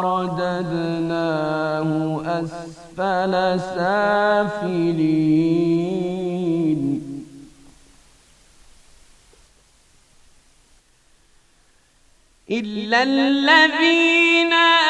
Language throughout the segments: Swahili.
فرددناه أسفل سافلين إلا الذين آمنوا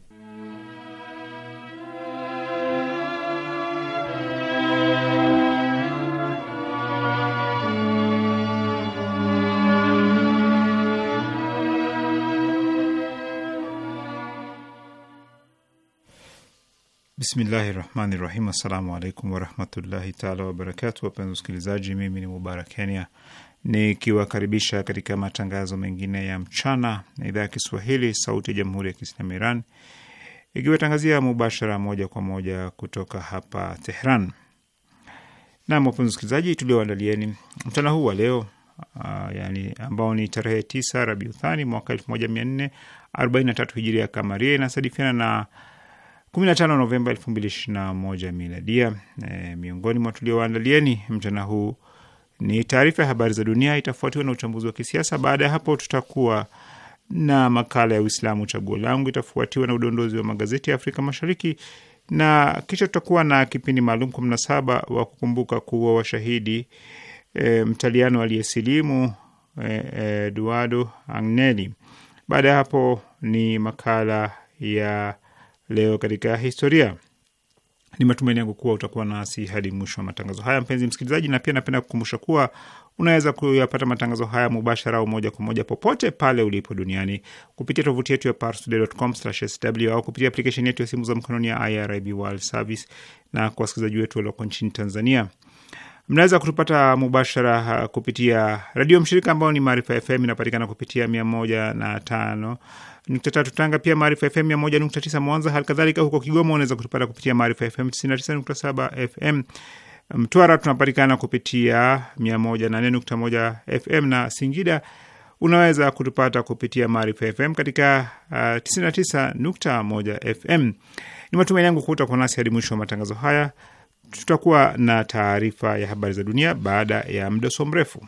Bismillahi rahmani rahim. Assalamu alaikum warahmatullahi taala wabarakatu. Wapenzi wasikilizaji, mimi ni Mubarak Kenya nikiwakaribisha katika matangazo mengine ya mchana na idhaa ya Kiswahili sauti ya jamhuri ya Kiislamu Iran ikiwatangazia mubashara moja kwa moja kutoka hapa Tehran. Nam, wapenzi wasikilizaji, tulioandalieni mchana huu wa leo uh, yani ambao ni tarehe tisa Rabiuthani mwaka elfu moja mia nne arobaini na tatu hijiria kamaria inasadifiana na 15 Novemba 2021 miladia. E, miongoni mwa tuliowaandalieni mchana huu ni taarifa ya habari za dunia, itafuatiwa na uchambuzi wa kisiasa. Baada ya hapo, tutakuwa na makala ya Uislamu chaguo langu, itafuatiwa na udondozi wa magazeti ya Afrika Mashariki na kisha tutakuwa na kipindi maalum kwa mnasaba wa kukumbuka kuwa washahidi e, mtaliano aliyesilimu e, Eduardo Agnelli. Baada ya hapo ni makala ya leo katika historia. Ni matumaini yangu kuwa utakuwa nasi hadi mwisho wa matangazo haya, mpenzi msikilizaji, na pia napenda kukumbusha kuwa unaweza kuyapata matangazo haya mubashara au moja kwa moja popote pale ulipo duniani kupitia tovuti yetu ya parstoday.com/sw au kupitia aplikesheni yetu ya simu za mkononi ya IRIB World Service, na kwa wasikilizaji wetu walioko nchini Tanzania mnaweza kutupata mubashara kupitia redio mshirika ambao ni Maarifa FM, inapatikana kupitia mia moja na tano nukta tatu Tanga, pia Maarifa FM mia moja nukta tisa Mwanza. Hali kadhalika huko Kigoma unaweza kutupata kupitia Maarifa FM tisini na tisa nukta saba FM. Mtwara tunapatikana kupitia mia moja na nne nukta moja FM na Singida unaweza kutupata kupitia Maarifa FM katika uh, 99.1 FM. Ni matumaini yangu kuta kwa nasi hadi mwisho wa matangazo haya. Tutakuwa na taarifa ya habari za dunia baada ya muda so mrefu.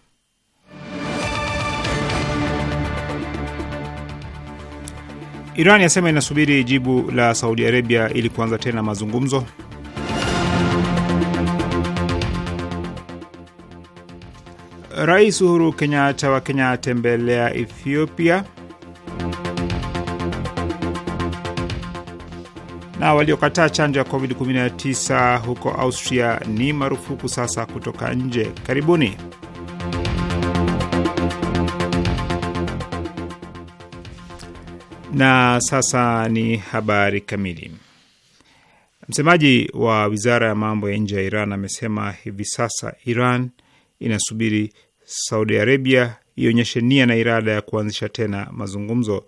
Iran yasema inasubiri jibu la Saudi Arabia ili kuanza tena mazungumzo. Rais Uhuru Kenyatta wa Kenya atembelea Ethiopia. Na waliokataa chanjo ya COVID-19 huko Austria ni marufuku sasa kutoka nje. Karibuni. Na sasa ni habari kamili. Msemaji wa wizara ya mambo ya nje ya Iran amesema hivi sasa Iran inasubiri Saudi Arabia ionyeshe nia na irada ya kuanzisha tena mazungumzo.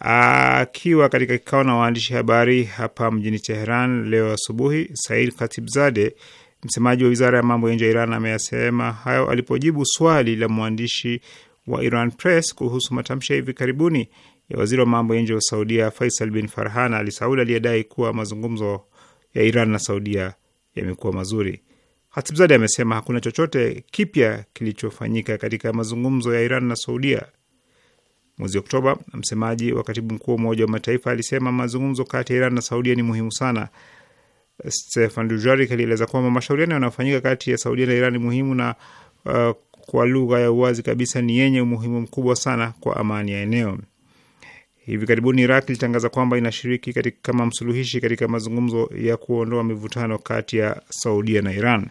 Akiwa katika kikao na waandishi habari hapa mjini Teheran leo asubuhi, Said Khatibzade, msemaji wa wizara ya mambo ya nje ya Iran, ameyasema hayo alipojibu swali la mwandishi wa Iran Press kuhusu matamshi ya hivi karibuni ya waziri wa mambo ya nje wa Saudia Faisal bin Farhan Al Saud aliyedai kuwa mazungumzo ya Iran na Saudia yamekuwa mazuri. Hatibzadi amesema hakuna chochote kipya kilichofanyika katika mazungumzo ya Iran na Saudia. Mwezi Oktoba, msemaji wa katibu mkuu wa Umoja wa Mataifa alisema mazungumzo kati ya Iran na Saudia ni muhimu sana. Stefan Dujarric alieleza kwamba mashauriano yanayofanyika kati ya Saudia na Iran ni muhimu na uh, kwa lugha ya uwazi kabisa, ni yenye umuhimu mkubwa sana kwa amani ya eneo. Hivi karibuni Iraq ilitangaza kwamba inashiriki katika kama msuluhishi katika mazungumzo ya kuondoa mivutano kati ya Saudia na Iran.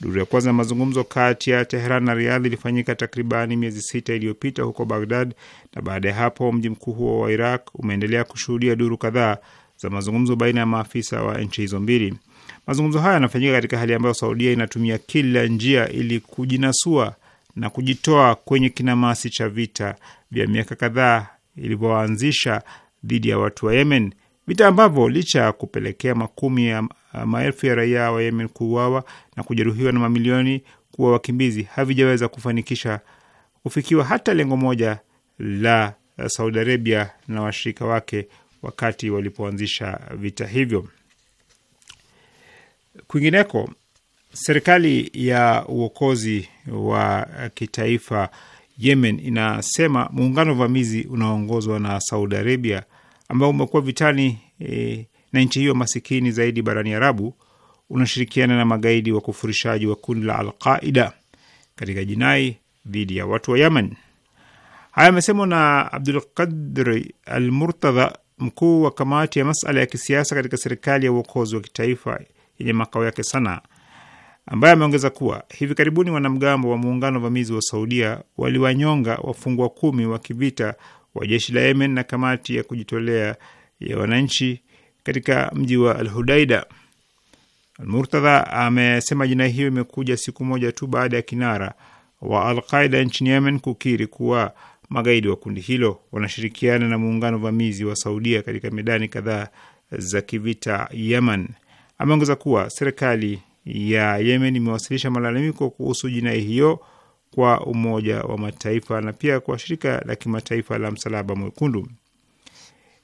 Duru ya kwanza ya mazungumzo kati ya Tehran na Riadh ilifanyika takribani miezi sita iliyopita huko Baghdad, na baada ya hapo mji mkuu huo wa Iraq umeendelea kushuhudia duru kadhaa za mazungumzo baina ya maafisa wa nchi hizo mbili. Mazungumzo haya yanafanyika katika hali ambayo Saudia inatumia kila njia ili kujinasua na kujitoa kwenye kinamasi cha vita vya miaka kadhaa ilivyoanzisha dhidi ya watu wa Yemen, vita ambavyo licha ya kupelekea makumi ya maelfu ya raia wa Yemen kuuawa na kujeruhiwa na mamilioni kuwa wakimbizi, havijaweza kufanikisha kufikiwa hata lengo moja la Saudi Arabia na washirika wake wakati walipoanzisha vita hivyo. Kwingineko, serikali ya uokozi wa kitaifa Yemen inasema muungano wa vamizi unaoongozwa na Saudi Arabia ambao umekuwa vitani e, na nchi hiyo masikini zaidi barani Arabu unashirikiana na magaidi wa kufurishaji wa kundi la Alqaida katika jinai dhidi ya watu wa Yemen. Haya amesemwa na Abdul Qadir Al Murtadha, mkuu wa kamati ya masala ya kisiasa katika serikali ya uokozi wa kitaifa yenye makao yake Sanaa ambaye ameongeza kuwa hivi karibuni wanamgambo wa muungano vamizi wa Saudia waliwanyonga wafungwa kumi wa kivita wa jeshi la Yemen na kamati ya kujitolea ya wananchi katika mji wa Al Hudaida. amesema jinai hiyo imekuja siku moja tu baada ya kinara wa Al Qaida nchini Yemen kukiri kuwa magaidi wa kundi hilo wanashirikiana na muungano vamizi wa Saudia katika medani kadhaa za kivita Yemen. Ameongeza kuwa serikali ya Yemen imewasilisha malalamiko kuhusu jinai hiyo kwa Umoja wa Mataifa na pia kwa shirika la kimataifa la Msalaba Mwekundu.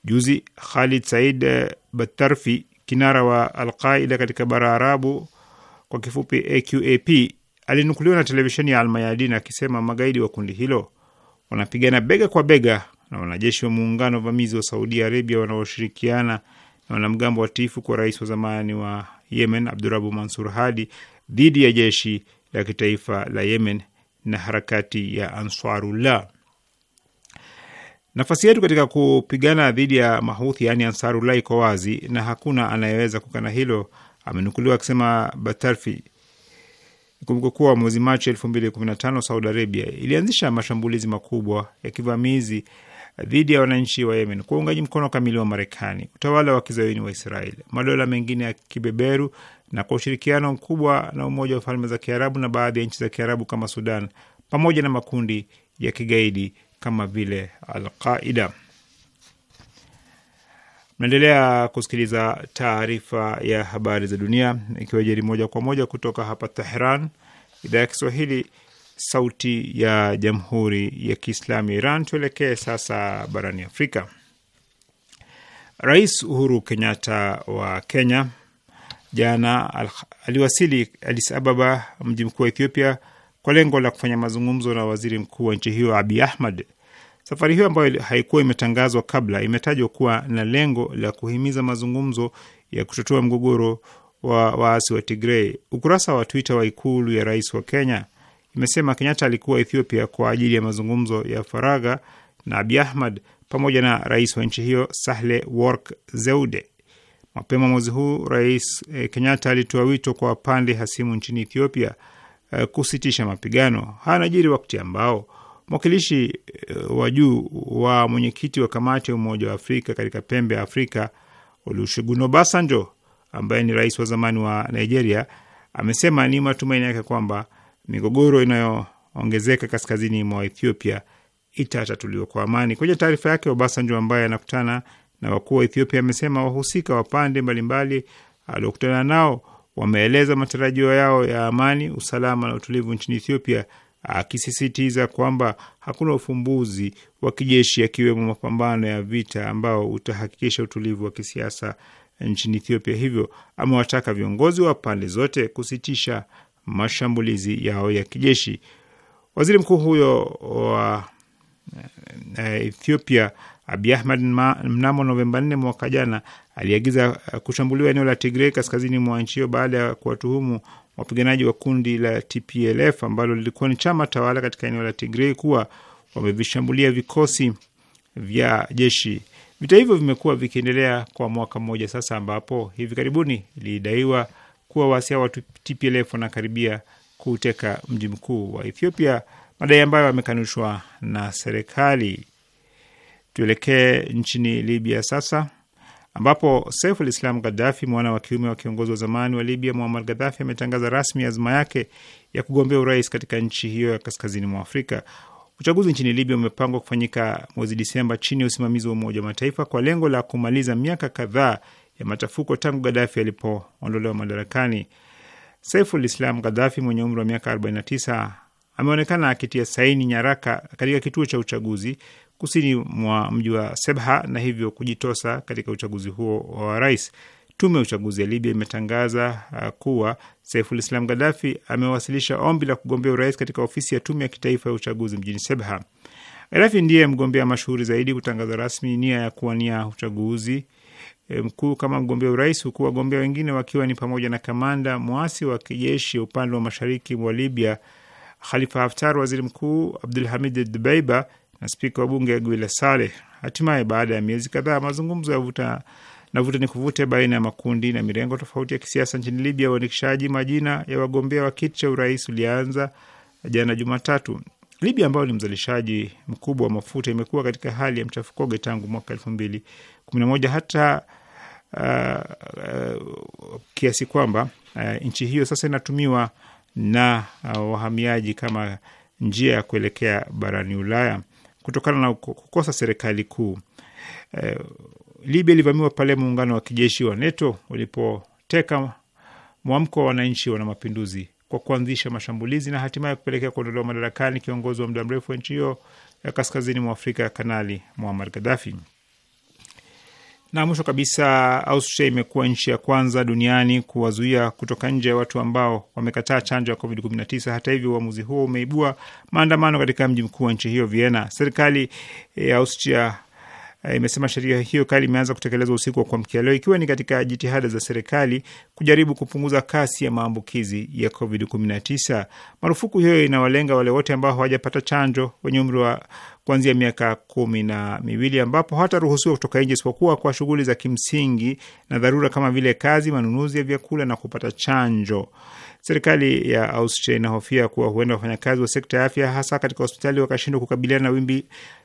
Juzi Khalid Said eh, Batarfi, kinara wa Alqaida katika bara Arabu, kwa kifupi AQAP, alinukuliwa na televisheni ya Almayadin akisema magaidi wa kundi hilo wanapigana bega kwa bega na wanajeshi wa muungano vamizi wa Saudi Arabia wanaoshirikiana na wanamgambo watiifu kwa rais wa zamani wa Yemen Abdurabu Mansur Hadi dhidi ya jeshi la kitaifa la Yemen na harakati ya Ansarullah. Nafasi yetu katika kupigana dhidi ya Mahuthi yaani Ansarullah iko wazi na hakuna anayeweza kukana hilo, amenukuliwa akisema Batarfi. Kumbuka kuwa mwezi Machi 2015 Saudi Arabia ilianzisha mashambulizi makubwa ya kivamizi dhidi ya wananchi wa Yemen kwa uungaji mkono kamili wa Marekani, utawala wa kizayuni wa Israel, madola mengine ya kibeberu na kwa ushirikiano mkubwa na Umoja wa Falme za Kiarabu na baadhi ya nchi za Kiarabu kama Sudan, pamoja na makundi ya kigaidi kama vile Alqaida. Naendelea kusikiliza taarifa ya habari za dunia ikiwa jeri moja kwa moja kutoka hapa Tehran, idhaa ya Kiswahili, Sauti ya Jamhuri ya Kiislamu ya Iran. Tuelekee sasa barani Afrika. Rais Uhuru Kenyatta wa Kenya jana al aliwasili Addis Ababa, mji mkuu wa Ethiopia, kwa lengo la kufanya mazungumzo na waziri mkuu wa nchi hiyo Abiy Ahmed. Safari hiyo ambayo haikuwa imetangazwa kabla imetajwa kuwa na lengo la kuhimiza mazungumzo ya kutatua mgogoro wa waasi wa Tigrei. Ukurasa wa Twitter wa ikulu ya rais wa Kenya imesema Kenyatta alikuwa Ethiopia kwa ajili ya mazungumzo ya faragha na Abi Ahmad pamoja na rais wa nchi hiyo Sahle Work Zeude. Mapema mwezi huu Rais eh, Kenyatta alitoa wito kwa pande hasimu nchini Ethiopia eh, kusitisha mapigano. Haya yanajiri wakati ambao mwakilishi eh, wa juu wa mwenyekiti wa kamati ya Umoja wa Afrika katika pembe ya Afrika Olusegun Obasanjo ambaye ni rais wa zamani wa Nigeria amesema ni matumaini yake kwamba migogoro inayoongezeka kaskazini mwa Ethiopia itatatuliwa kwa amani. Kwenye taarifa yake, Obasanjo ambaye anakutana na wakuu wa Ethiopia amesema wahusika wa pande mbalimbali aliokutana nao wameeleza matarajio yao ya amani, usalama na utulivu nchini Ethiopia, akisisitiza kwamba hakuna ufumbuzi wa kijeshi akiwemo mapambano ya vita ambao utahakikisha utulivu wa kisiasa nchini Ethiopia. Hivyo amewataka viongozi wa pande zote kusitisha mashambulizi yao ya kijeshi. Waziri mkuu huyo wa eh, eh, Ethiopia Abiy Ahmed mnamo Novemba 4 mwaka jana aliagiza eh, kushambuliwa eneo la Tigray kaskazini mwa nchi hiyo baada ya kuwatuhumu wapiganaji wa kundi la TPLF ambalo lilikuwa ni chama tawala katika eneo la Tigray kuwa wamevishambulia vikosi vya jeshi. Vita hivyo vimekuwa vikiendelea kwa mwaka mmoja sasa, ambapo hivi karibuni ilidaiwa kuwa wasia wa TPLF wanakaribia kuteka mji mkuu wa Ethiopia, madai ambayo yamekanushwa na serikali. Tuelekee nchini Libya sasa ambapo Saiful Islam Gaddafi, mwana wa kiume wa kiongozi wa zamani wa Libya Muammar Gaddafi, ametangaza rasmi azma yake ya kugombea urais katika nchi hiyo ya kaskazini mwa Afrika. Uchaguzi nchini Libya umepangwa kufanyika mwezi Disemba chini ya usimamizi wa Umoja wa Mataifa kwa lengo la kumaliza miaka kadhaa ya machafuko tangu Gaddafi alipoondolewa madarakani. Saiful Islam Gadhafi mwenye umri wa miaka 49 ameonekana akitia saini nyaraka katika kituo cha uchaguzi kusini mwa mji wa Sebha na hivyo kujitosa katika uchaguzi huo wa rais. Tume ya uchaguzi ya Libya imetangaza uh, kuwa Saiful Islam Gadhafi amewasilisha ombi la kugombea urais katika ofisi ya tume ya kitaifa ya uchaguzi mjini Sebha. Gadhafi ndiye mgombea mashuhuri zaidi kutangaza rasmi nia ya kuwania uchaguzi E, mkuu kama mgombea urais, huku wagombea wengine wakiwa ni pamoja na kamanda mwasi wa kijeshi upande wa mashariki mwa Libya Khalifa Haftar, waziri mkuu Abdul Hamid Dbeiba na spika wa bunge Gwila Saleh. Hatimaye, baada ya miezi kadhaa, mazungumzo ya vuta na vuta ni kuvute baina ya makundi na mirengo tofauti ya kisiasa nchini Libya, uandikishaji majina ya wagombea wa kiti cha urais ulianza jana Jumatatu. Libya ambayo ni mzalishaji mkubwa wa mafuta imekuwa katika hali ya mchafukoge tangu mwaka elfu mbili kumi na moja hata uh, uh, kiasi kwamba uh, nchi hiyo sasa inatumiwa na uh, wahamiaji kama njia ya kuelekea barani Ulaya kutokana na kukosa serikali kuu. Uh, Libya ilivamiwa pale muungano wa kijeshi wa NATO ulipoteka mwamko wa wananchi wana mapinduzi kwa kuanzisha mashambulizi na hatimaye kupelekea kuondolewa madarakani kiongozi wa muda mrefu wa nchi hiyo ya kaskazini mwa Afrika ya Kanali Muammar Gaddafi. Na mwisho kabisa, Austria imekuwa nchi ya kwanza duniani kuwazuia kutoka nje ya watu ambao wamekataa chanjo ya COVID-19. Hata hivyo, uamuzi huo umeibua maandamano katika mji mkuu wa nchi hiyo Vienna. Serikali ya Austria eh, imesema sheria hiyo kali imeanza kutekelezwa usiku wa kuamkia leo, ikiwa ni katika jitihada za serikali kujaribu kupunguza kasi ya maambukizi ya COVID-19. Marufuku hiyo inawalenga wale wote ambao hawajapata chanjo wenye umri wa kuanzia miaka kumi na miwili ambapo hataruhusiwa kutoka nje isipokuwa kwa shughuli za kimsingi na dharura kama vile kazi, manunuzi ya vyakula na kupata chanjo. Serikali ya Austria inahofia kuwa huenda wafanyakazi wa sekta ya afya hasa katika hospitali wakashindwa kukabiliana na wimbi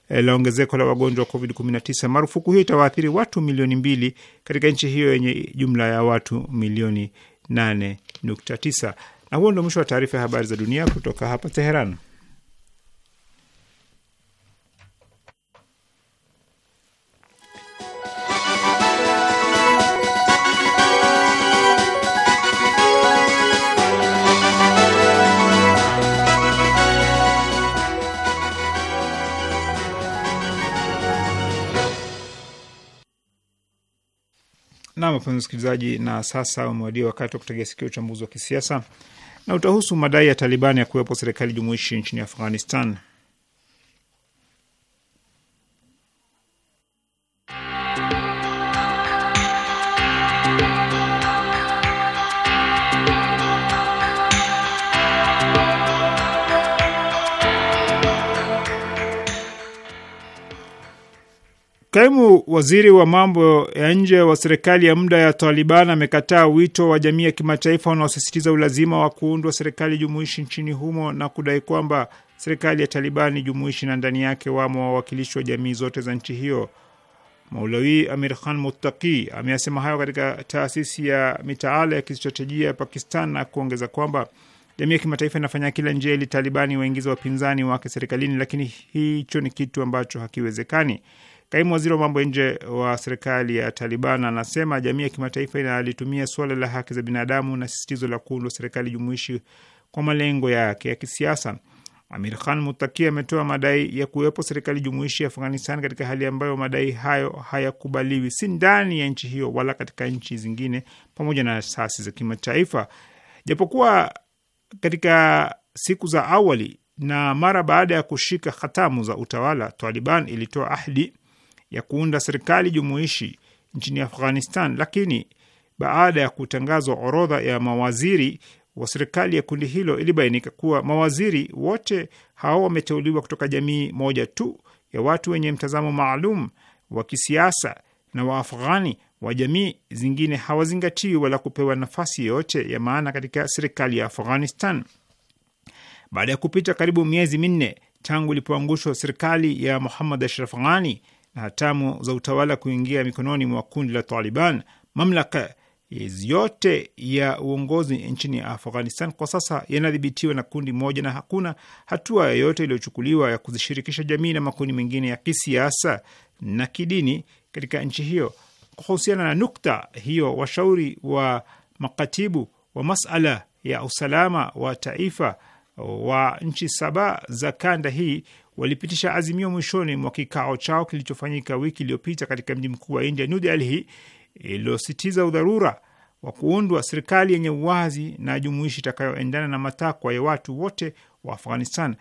eh, la ongezeko la wagonjwa wa COVID-19. Marufuku hiyo itawaathiri watu milioni mbili katika nchi hiyo yenye jumla ya watu milioni 8.9. Na huo ndio mwisho wa taarifa ya habari za dunia kutoka hapa Teheran. Nam, wapenzi msikilizaji, na sasa umewadia wakati wa kutegea sikio uchambuzi wa kisiasa na utahusu madai ya Talibani ya kuwepo serikali jumuishi nchini Afghanistan. Kaimu waziri wa mambo ya nje wa serikali ya muda ya Taliban amekataa wito wa jamii ya kimataifa unaosisitiza ulazima wa kuundwa serikali jumuishi nchini humo na kudai kwamba serikali ya Taliban ni jumuishi na ndani yake wamo wawakilishi wa jamii zote za nchi hiyo. Maulawi Amir Khan Muttaqi ameyasema hayo katika taasisi ya mitaala ya kistratejia ya Pakistan na kuongeza kwamba jamii ya kimataifa inafanya kila njia ili Talibani waingize wapinzani wake serikalini, lakini hicho ni kitu ambacho hakiwezekani. Kaimu waziri wa mambo ya nje wa serikali ya Taliban anasema jamii ya kimataifa inalitumia suala la haki za binadamu na sisitizo la kuundwa serikali jumuishi kwa malengo yake ya kisiasa. Amir Khan Mutaki ametoa madai ya kuwepo serikali jumuishi ya Afghanistan katika hali ambayo madai hayo hayakubaliwi si ndani ya nchi hiyo wala katika nchi zingine pamoja na asasi za kimataifa. Japokuwa katika siku za awali na mara baada ya kushika hatamu za utawala, Taliban ilitoa ahdi ya kuunda serikali jumuishi nchini Afghanistan, lakini baada ya kutangazwa orodha ya mawaziri wa serikali ya kundi hilo ilibainika kuwa mawaziri wote hao wameteuliwa kutoka jamii moja tu ya watu wenye mtazamo maalum wa kisiasa na Waafghani wa jamii zingine hawazingatiwi wala kupewa nafasi yoyote ya maana katika serikali ya Afghanistan. Baada ya kupita karibu miezi minne tangu ilipoangushwa serikali ya Muhammad Ashraf Ghani, hatamu za utawala kuingia mikononi mwa kundi la Taliban, mamlaka yote ya uongozi nchini Afghanistan kwa sasa yanadhibitiwa na kundi moja na hakuna hatua yoyote iliyochukuliwa ya kuzishirikisha jamii na makundi mengine ya kisiasa na kidini katika nchi hiyo. Kuhusiana na nukta hiyo, washauri wa makatibu wa masala ya usalama wa taifa wa nchi saba za kanda hii walipitisha azimio mwishoni mwa kikao chao kilichofanyika wiki iliyopita katika mji mkuu wa India, New Delhi, iliyositiza udharura wa kuundwa serikali yenye uwazi na jumuishi itakayoendana na matakwa ya watu wote wa Afghanistan.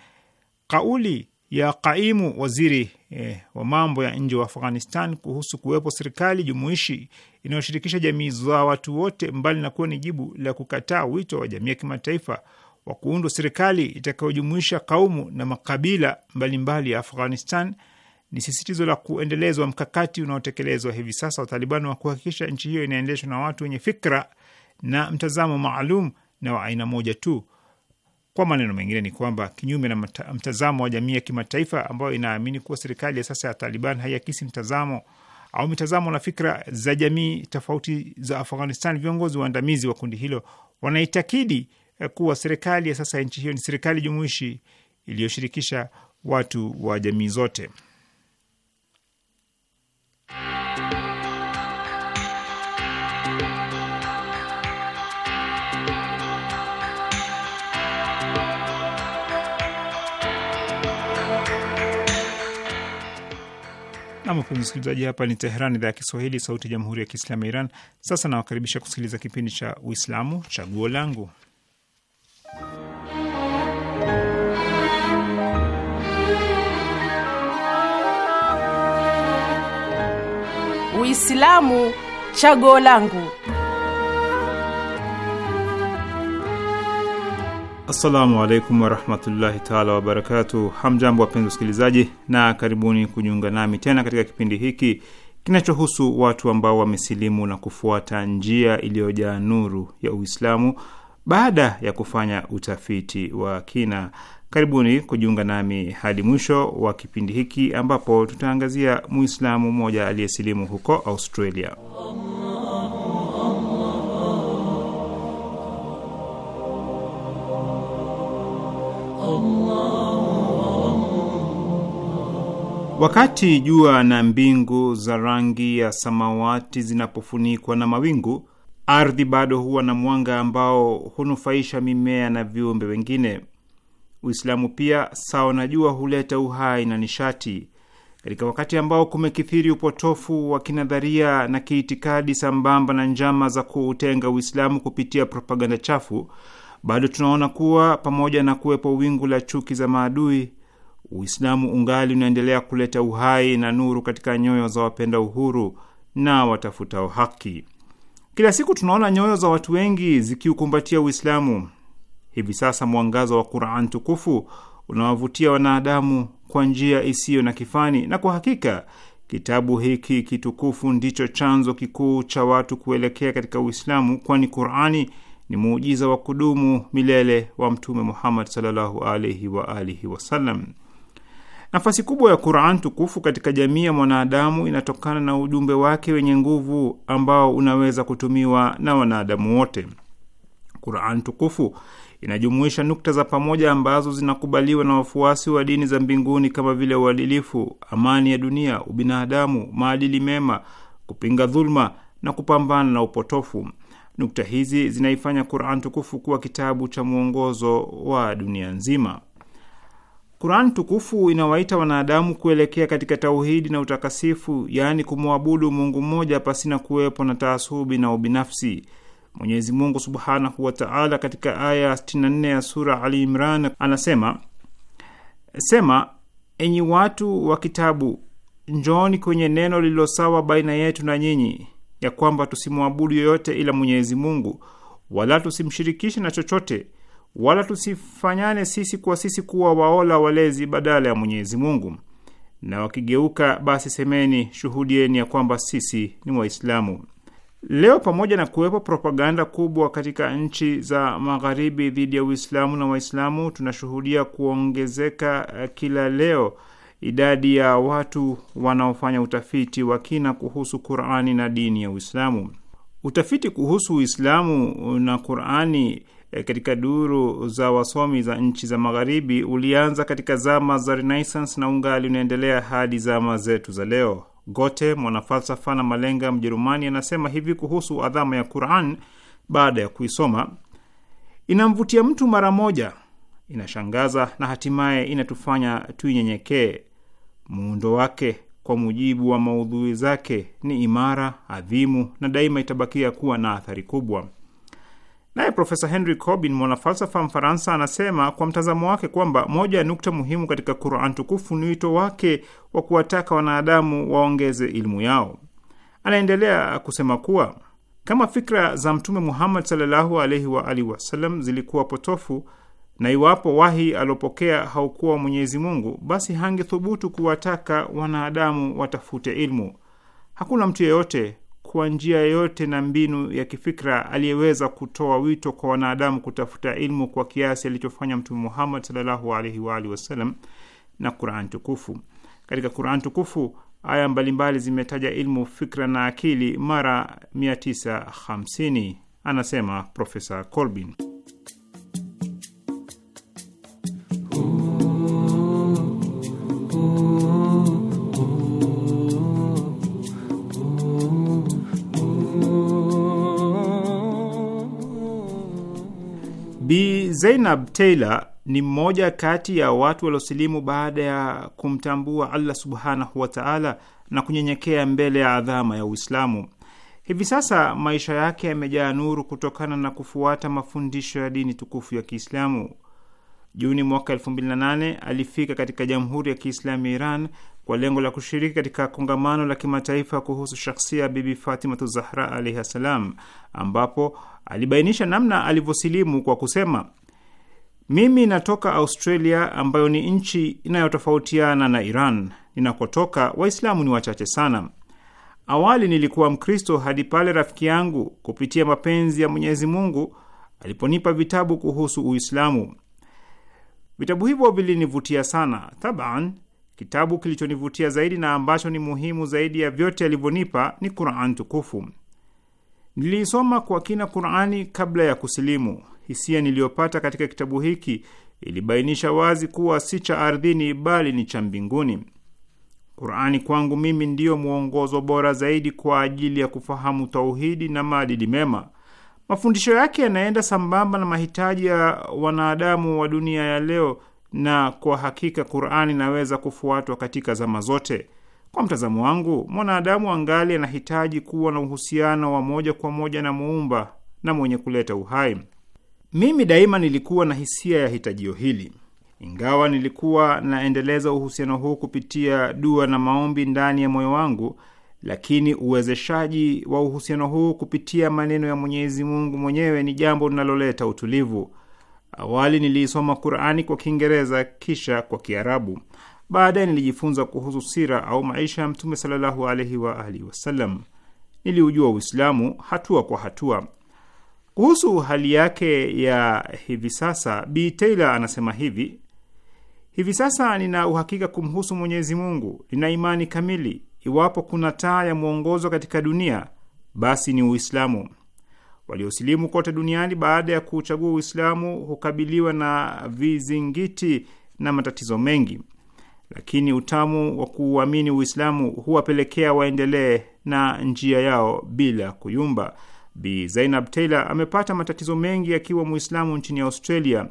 Kauli ya kaimu waziri eh, wa mambo ya nje wa Afghanistan kuhusu kuwepo serikali jumuishi inayoshirikisha jamii za watu wote, mbali na kuwa ni jibu la kukataa wito wa jamii ya kimataifa wa kuundwa serikali itakayojumuisha kaumu na makabila mbalimbali mbali ya Afghanistan ni sisitizo la kuendelezwa mkakati unaotekelezwa hivi sasa wa Taliban wa kuhakikisha nchi hiyo inaendeshwa na watu wenye fikra na mtazamo maalum na wa aina moja tu. Kwa maneno mengine ni kwamba kinyume na mtazamo wa jamii ya kimataifa ambayo inaamini kuwa serikali ya sasa ya Taliban haiakisi mtazamo au mitazamo na fikra za jamii tofauti za Afghanistan, viongozi waandamizi wa kundi hilo wanaitakidi kuwa serikali ya sasa ya nchi hiyo ni serikali jumuishi iliyoshirikisha watu wa jamii zote. Nampe msikilizaji, hapa ni Teheran, idhaa ya Kiswahili, sauti ya jamhuri ya kiislamu ya Iran. Sasa nawakaribisha kusikiliza kipindi cha Uislamu chaguo langu. Uislamu chago langu. Assalamu alaikum warahmatullahi taala wabarakatu. Hamjambo wapenzi wasikilizaji, na karibuni kujiunga nami tena katika kipindi hiki kinachohusu watu ambao wamesilimu na kufuata njia iliyojaa nuru ya Uislamu baada ya kufanya utafiti wa kina, karibuni kujiunga nami hadi mwisho wa kipindi hiki ambapo tutaangazia Muislamu mmoja aliyesilimu huko Australia. Wakati jua na mbingu za rangi ya samawati zinapofunikwa na mawingu ardhi bado huwa na mwanga ambao hunufaisha mimea na viumbe wengine. Uislamu pia, sawa na jua, huleta uhai na nishati. Katika wakati ambao kumekithiri upotofu wa kinadharia na kiitikadi, sambamba na njama za kuutenga Uislamu kupitia propaganda chafu, bado tunaona kuwa pamoja na kuwepo wingu la chuki za maadui, Uislamu ungali unaendelea kuleta uhai na nuru katika nyoyo za wapenda uhuru na watafutao haki. Kila siku tunaona nyoyo za watu wengi zikiukumbatia Uislamu. Hivi sasa mwangaza wa Quran tukufu unawavutia wanadamu kwa njia isiyo na kifani, na kwa hakika kitabu hiki kitukufu ndicho chanzo kikuu cha watu kuelekea katika Uislamu, kwani Qurani ni muujiza wa kudumu milele wa Mtume Muhammad sallallahu alaihi wa alihi wasallam. Nafasi kubwa ya Quran tukufu katika jamii ya mwanadamu inatokana na ujumbe wake wenye nguvu ambao unaweza kutumiwa na wanadamu wote. Quran tukufu inajumuisha nukta za pamoja ambazo zinakubaliwa na wafuasi wa dini za mbinguni kama vile uadilifu, amani ya dunia, ubinadamu, maadili mema, kupinga dhuluma na kupambana na upotofu. Nukta hizi zinaifanya Quran tukufu kuwa kitabu cha mwongozo wa dunia nzima. Quran tukufu inawaita wanadamu kuelekea katika tauhidi na utakasifu, yaani kumwabudu Mungu mmoja pasina kuwepo na taasubi na ubinafsi. Mwenyezi Mungu subhanahu wa taala katika aya 64 ya sura Ali Imran anasema: Sema, enyi watu wa Kitabu, njooni kwenye neno lililo sawa baina yetu na nyinyi, ya kwamba tusimwabudu yoyote ila Mwenyezi Mungu, wala tusimshirikishe na chochote wala tusifanyane sisi kwa sisi kuwa waola walezi badala ya Mwenyezi Mungu. Na wakigeuka basi semeni, shuhudieni ya kwamba sisi ni Waislamu. Leo pamoja na kuwepo propaganda kubwa katika nchi za Magharibi dhidi ya Uislamu na Waislamu, tunashuhudia kuongezeka eh, kila leo idadi ya watu wanaofanya utafiti wa kina kuhusu Qur'ani na dini ya Uislamu. Utafiti kuhusu Uislamu na Qur'ani Eh, katika duru za wasomi za nchi za magharibi ulianza katika zama za Renaissance na ungali unaendelea hadi zama zetu za leo. Gote, mwanafalsafa na malenga Mjerumani, anasema hivi kuhusu adhama ya Quran baada ya kuisoma: inamvutia mtu mara moja, inashangaza na hatimaye inatufanya tuinyenyekee. Muundo wake kwa mujibu wa maudhui zake ni imara, adhimu na daima itabakia kuwa na athari kubwa. Naye Profesa Henry Corbin, mwanafalsafa Mfaransa, anasema kwa mtazamo wake kwamba moja ya nukta muhimu katika Quran tukufu ni wito wake wa kuwataka wanadamu waongeze ilmu yao. Anaendelea kusema kuwa kama fikra za Mtume Muhammad sallallahu alaihi wa alihi wasallam zilikuwa potofu na iwapo wahi aliopokea haukuwa Mwenyezi Mungu, basi hangethubutu kuwataka wanadamu watafute ilmu. Hakuna mtu yeyote kwa njia yoyote na mbinu ya kifikra aliyeweza kutoa wito kwa wanadamu kutafuta ilmu kwa kiasi alichofanya Mtume Muhammad sallallahu alaihi wa alihi wasallam na Quran tukufu. Katika Quran tukufu aya mbalimbali zimetaja ilmu, fikra na akili mara 950, anasema Profesa Corbin. Bi Zainab Taylor ni mmoja kati ya watu waliosilimu baada ya kumtambua Allah subhanahu wataala na kunyenyekea mbele ya adhama ya Uislamu. Hivi sasa maisha yake yamejaa nuru kutokana na kufuata mafundisho ya dini tukufu ya Kiislamu. Juni mwaka 2008 alifika katika Jamhuri ya Kiislamu ya Iran kwa lengo la kushiriki katika kongamano la kimataifa kuhusu shakhsia Bibi Fatimatu Zahra alaihi ssalam, ambapo alibainisha namna alivyosilimu kwa kusema, mimi natoka Australia ambayo ni nchi inayotofautiana na Iran. Ninakotoka Waislamu ni wachache sana. Awali nilikuwa Mkristo hadi pale rafiki yangu kupitia mapenzi ya Mwenyezi Mungu aliponipa vitabu kuhusu Uislamu. Vitabu hivyo vilinivutia sana. Taban, Kitabu kilichonivutia zaidi na ambacho ni muhimu zaidi ya vyote alivyonipa ni Quran tukufu. Niliisoma kwa kina Qurani kabla ya kusilimu. Hisia niliyopata katika kitabu hiki ilibainisha wazi kuwa si cha ardhini bali ni cha mbinguni. Qurani kwangu mimi ndiyo mwongozo bora zaidi kwa ajili ya kufahamu tauhidi na maadili mema. Mafundisho yake yanaenda sambamba na mahitaji ya wanadamu wa dunia ya leo na kwa hakika Qur'ani inaweza kufuatwa katika zama zote. Kwa mtazamo wangu, mwanadamu angali anahitaji kuwa na uhusiano wa moja kwa moja na muumba na mwenye kuleta uhai. Mimi daima nilikuwa na hisia ya hitajio hili, ingawa nilikuwa naendeleza uhusiano huu kupitia dua na maombi ndani ya moyo wangu, lakini uwezeshaji wa uhusiano huu kupitia maneno ya Mwenyezi Mungu mwenyewe ni jambo linaloleta utulivu. Awali niliisoma Qurani kwa Kiingereza, kisha kwa Kiarabu. Baadaye nilijifunza kuhusu sira au maisha ya Mtume sallallahu alaihi wa alihi wasallam. Niliujua Uislamu hatua kwa hatua. Kuhusu hali yake ya hivi sasa, Bi Taylor anasema hivi: hivi sasa nina uhakika kumhusu Mwenyezi Mungu, nina imani kamili. Iwapo kuna taa ya mwongozo katika dunia, basi ni Uislamu. Waliosilimu kote duniani baada ya kuchagua Uislamu hukabiliwa na vizingiti na matatizo mengi, lakini utamu wa kuuamini Uislamu huwapelekea waendelee na njia yao bila kuyumba. Bi Zainab Taylor amepata matatizo mengi akiwa Muislamu nchini Australia.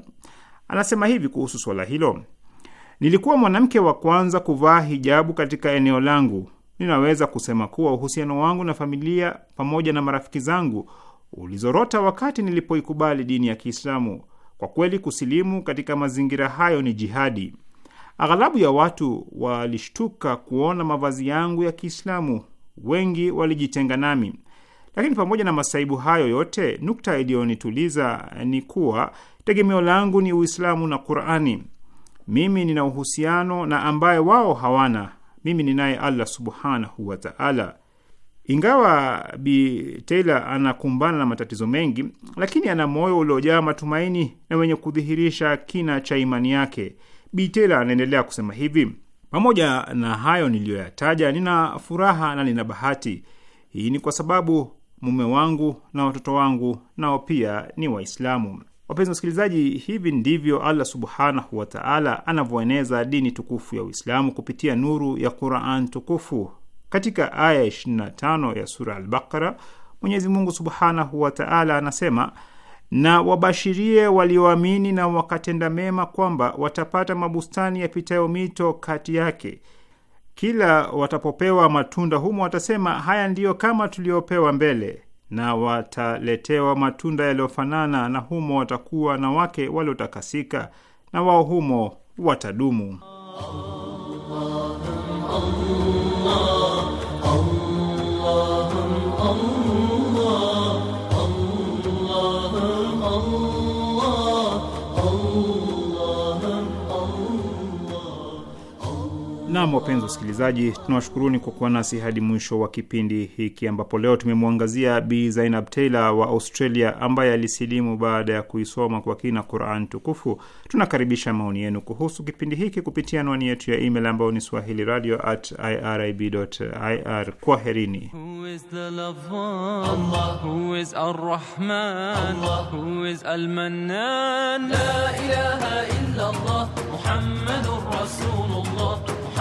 Anasema hivi kuhusu swala hilo: nilikuwa mwanamke wa kwanza kuvaa hijabu katika eneo langu. Ninaweza kusema kuwa uhusiano wangu na familia pamoja na marafiki zangu ulizorota wakati nilipoikubali dini ya Kiislamu. Kwa kweli kusilimu katika mazingira hayo ni jihadi. Aghalabu ya watu walishtuka kuona mavazi yangu ya Kiislamu, wengi walijitenga nami. Lakini pamoja na masaibu hayo yote, nukta iliyonituliza ni kuwa tegemeo langu ni Uislamu na Qurani. Mimi nina uhusiano na ambaye wao hawana. Mimi ninaye Allah subhanahu wataala. Ingawa Bi Taylor anakumbana na matatizo mengi, lakini ana moyo uliojaa matumaini na wenye kudhihirisha kina cha imani yake. Bi Taylor anaendelea kusema hivi: pamoja na hayo niliyoyataja, nina furaha na nina bahati. Hii ni kwa sababu mume wangu na watoto wangu nao pia ni Waislamu. Wapenzi wasikilizaji, hivi ndivyo Allah subhanahu wataala anavyoeneza dini tukufu ya Uislamu kupitia nuru ya Quran tukufu. Katika aya 25 ya sura Al-Baqara, Mwenyezi Mungu subhanahu wa taala anasema na wabashirie walioamini na wakatenda mema kwamba watapata mabustani yapitayo mito kati yake. Kila watapopewa matunda humo watasema, haya ndiyo kama tuliyopewa mbele, na wataletewa matunda yaliyofanana na humo watakuwa na wake waliotakasika, na wao humo watadumu. Naam, wapenzi wasikilizaji, tunawashukuruni kwa kuwa nasi hadi mwisho wa kipindi hiki ambapo leo tumemwangazia Bi Zainab Taylor wa Australia ambaye alisilimu baada ya kuisoma kwa kina Quran tukufu. Tunakaribisha maoni yenu kuhusu kipindi hiki kupitia anwani yetu ya email ambayo ni swahili radio at irib ir. Kwaherini.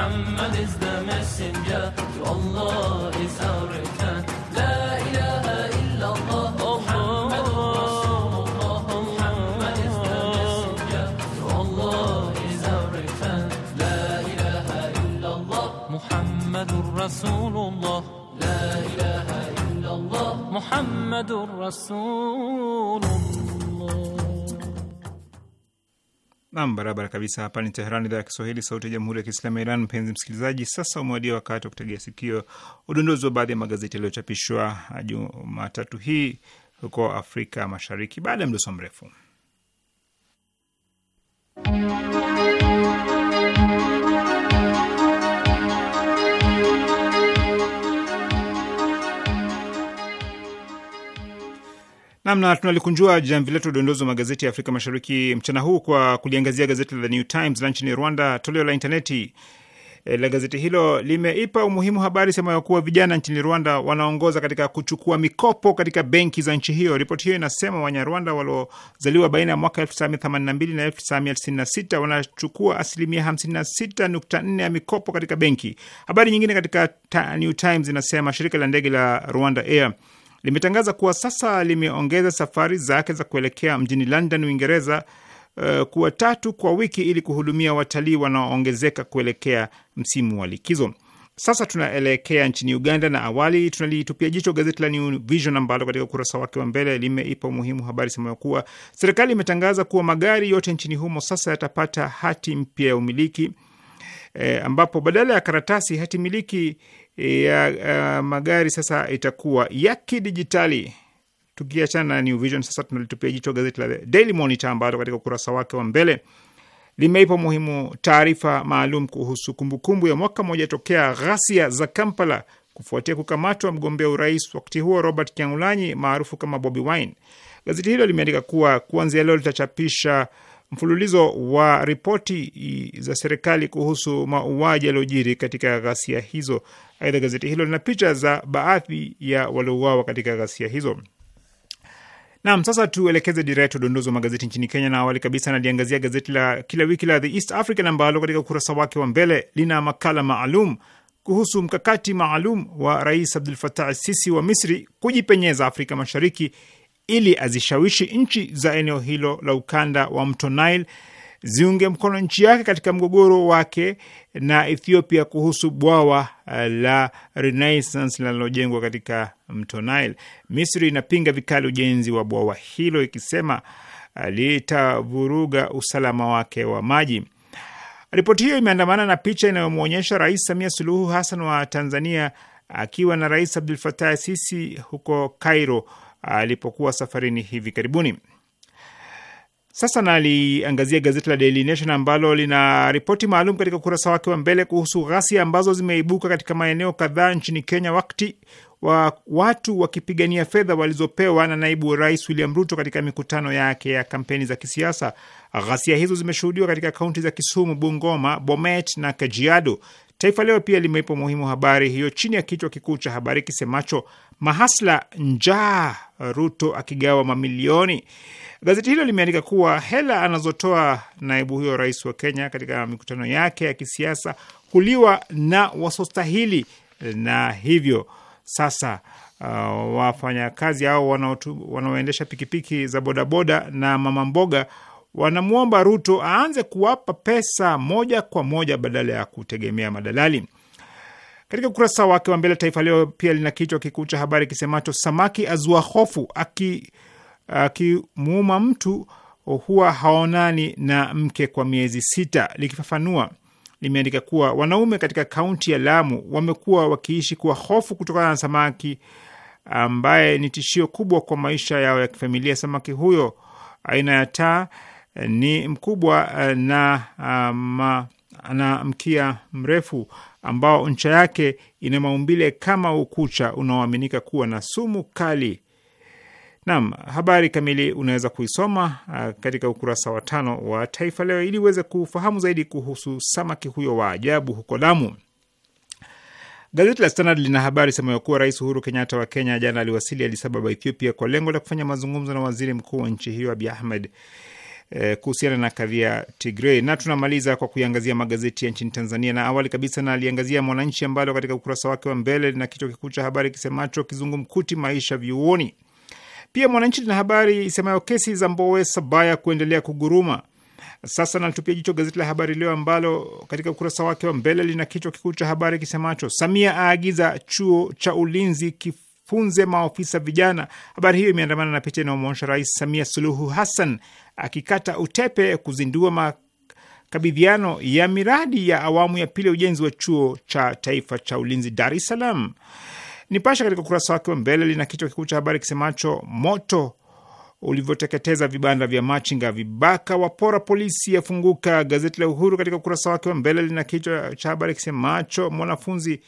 Muhammad is the messenger to Allah is our return La ilaha illallah Muhammad Rasulullah Muhammad is the messenger to Allah is our return La ilaha illallah Muhammad Rasulullah La ilaha illallah Muhammad Rasulullah Nam, barabara kabisa. Hapa ni Teheran, idhaa ya Kiswahili, sauti ya jamhuri ya kiislamu ya Iran. Mpenzi msikilizaji, sasa umewadia wakati wa kutegea sikio udondozi wa baadhi ya magazeti yaliyochapishwa Jumatatu hii huko Afrika Mashariki, baada ya mdoso mrefu Namna tunalikunjua jamvi letu udondozi wa magazeti ya Afrika Mashariki mchana huu kwa kuliangazia gazeti la New Times la nchini Rwanda. Toleo la intaneti e, la gazeti hilo limeipa umuhimu habari sema ya kuwa vijana nchini Rwanda wanaongoza katika kuchukua mikopo katika benki za nchi hiyo. Ripoti hiyo inasema Wanyarwanda waliozaliwa baina ya mwaka 1982 na 1996 wanachukua asilimia 56.4 ya mikopo katika benki. Habari nyingine katika New Times inasema shirika la ndege la Rwanda Air limetangaza kuwa sasa limeongeza safari zake za kuelekea mjini London, Uingereza, uh, kuwa tatu kwa wiki ili kuhudumia watalii wanaoongezeka kuelekea msimu wa likizo. Sasa tunaelekea nchini Uganda na awali tunalitupia jicho gazeti la New Vision ambalo katika ukurasa wake wa mbele limeipa umuhimu habari ya kuwa serikali imetangaza kuwa magari yote nchini humo sasa yatapata hati mpya ya umiliki e, ambapo badala ya karatasi hati miliki ya uh, magari sasa itakuwa ya kidijitali. Tukiachana na New Vision, sasa tunalitupia jicho gazeti la Daily Monitor ambalo katika ukurasa wake wa mbele limeipa muhimu taarifa maalum kuhusu kumbukumbu ya mwaka mmoja tokea ghasia za Kampala kufuatia kukamatwa mgombea urais wakati huo Robert Kyangulanyi maarufu kama Bobi Wine. Gazeti hilo limeandika kuwa kuanzia leo litachapisha mfululizo wa ripoti za serikali kuhusu mauaji yaliyojiri katika ghasia hizo. Aidha, gazeti hilo lina picha za baadhi ya waliouawa katika ghasia hizo. Naam, sasa tuelekeze dira yetu udondozi wa magazeti nchini Kenya, na awali kabisa naliangazia gazeti la kila wiki la The East African ambalo katika ukurasa wake wa mbele lina makala maalum kuhusu mkakati maalum wa Rais Abdul Fatah Sisi wa Misri kujipenyeza Afrika Mashariki ili azishawishi nchi za eneo hilo la ukanda wa mto Nile ziunge mkono nchi yake katika mgogoro wake na Ethiopia kuhusu bwawa eh, la Renaissance linalojengwa katika mto Nile. Misri inapinga vikali ujenzi wa bwawa hilo ikisema eh, litavuruga usalama wake wa maji. Ripoti hiyo imeandamana na picha inayomwonyesha Rais Samia Suluhu Hassan wa Tanzania akiwa na Rais Abdul Fatah Sisi huko Cairo alipokuwa safarini hivi karibuni. Sasa naliangazia gazeti la Daily Nation ambalo lina ripoti maalum katika ukurasa wake wa mbele kuhusu ghasia ambazo zimeibuka katika maeneo kadhaa nchini Kenya wakati wa watu wakipigania fedha walizopewa na naibu rais William Ruto katika mikutano yake ya kampeni za kisiasa. Ghasia hizo zimeshuhudiwa katika kaunti za Kisumu, Bungoma, Bomet na Kajiado. Taifa Leo pia limeipa umuhimu habari hiyo chini ya kichwa kikuu cha habari kisemacho mahasla njaa, Ruto akigawa mamilioni. Gazeti hilo limeandika kuwa hela anazotoa naibu huyo rais wa Kenya katika mikutano yake ya kisiasa huliwa na wasostahili na hivyo sasa uh, wafanyakazi au wanaoendesha pikipiki za bodaboda na mama mboga wanamwomba Ruto aanze kuwapa pesa moja kwa moja badala ya kutegemea madalali. Katika ukurasa wake wa mbele, Taifa Leo pia lina kichwa kikuu cha habari kisemacho samaki azua hofu, akimuuma aki mtu huwa haonani na mke kwa miezi sita. Likifafanua, limeandika kuwa wanaume katika kaunti ya Lamu wamekuwa wakiishi kwa hofu kutokana na samaki ambaye ni tishio kubwa kwa maisha yao ya kifamilia. Samaki huyo aina ya taa ni mkubwa eh, na, ah, ma, na mkia mrefu ambao ncha yake ina maumbile kama ukucha unaoaminika kuwa na sumu kali. Naam, habari kamili unaweza kuisoma ah, katika ukurasa wa tano wa Taifa Leo ili uweze kufahamu zaidi kuhusu samaki huyo wa ajabu huko Lamu. Gazeti la Standard lina habari semayo kuwa Rais Uhuru Kenyatta wa Kenya jana aliwasili Addis Ababa, Ethiopia, kwa lengo la kufanya mazungumzo na waziri mkuu wa nchi hiyo Abiy Ahmed. Eh, kuhusiana na kadhia Tigrei. Na tunamaliza kwa kuiangazia magazeti ya nchini Tanzania, na awali kabisa naliangazia Mwananchi ambalo katika ukurasa wake wa mbele lina kichwa kikuu cha habari kisemacho kizungumkuti maisha vyuoni. Pia Mwananchi lina habari isemayo kesi za Mbowe Sabaya kuendelea kuguruma. Sasa natupia jicho gazeti la Habari Leo ambalo katika ukurasa wake wa mbele lina kichwa kikuu cha habari kisemacho Samia aagiza chuo cha ulinzi kifunze maofisa vijana. Habari hiyo imeandamana na picha inayomwonyesha Rais Samia Suluhu Hassan akikata utepe kuzindua makabidhiano ya miradi ya awamu ya pili ya ujenzi wa chuo cha taifa cha ulinzi Dar es Salaam. Nipasha katika ukurasa wake wa mbele lina kichwa kikuu cha habari kisemacho moto ulivyoteketeza vibanda vya machinga, vibaka wapora, polisi yafunguka. Gazeti la Uhuru katika ukurasa wake wa mbele lina kichwa cha habari kisemacho mwanafunzi